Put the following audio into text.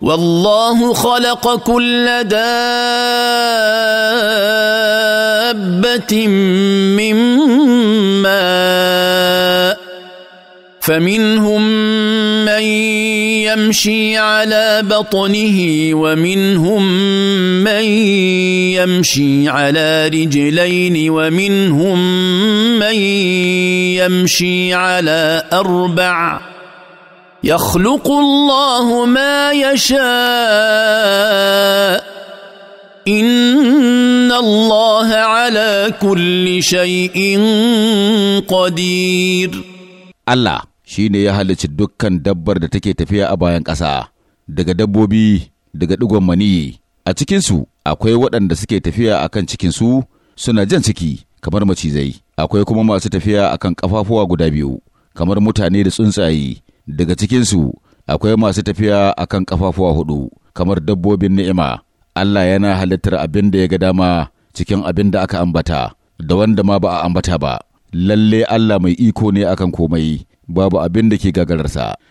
والله خلق كل دابه من ماء فمنهم من يمشي على بطنه ومنهم من يمشي على رجلين ومنهم من يمشي على اربع يخلق الله ما يشاء ان الله على كل شيء قدير الله shine ya halicci dukkan dabbar da take tafiya a bayan ƙasa daga dabbobi daga digon maniyi a cikinsu akwai waɗanda suke tafiya akan cikin su suna jan ciki kamar macizai akwai kuma masu tafiya akan kan ƙafafuwa guda biyu kamar mutane da tsuntsaye daga cikinsu akwai masu tafiya a kan kafafuwa hudu kamar dabbobin ni'ima Allah yana halittar abin da ya ga dama cikin abin da aka ambata da wanda ma ba a ambata ba lalle Allah mai iko ne akan komai babu abin da ke gagararsa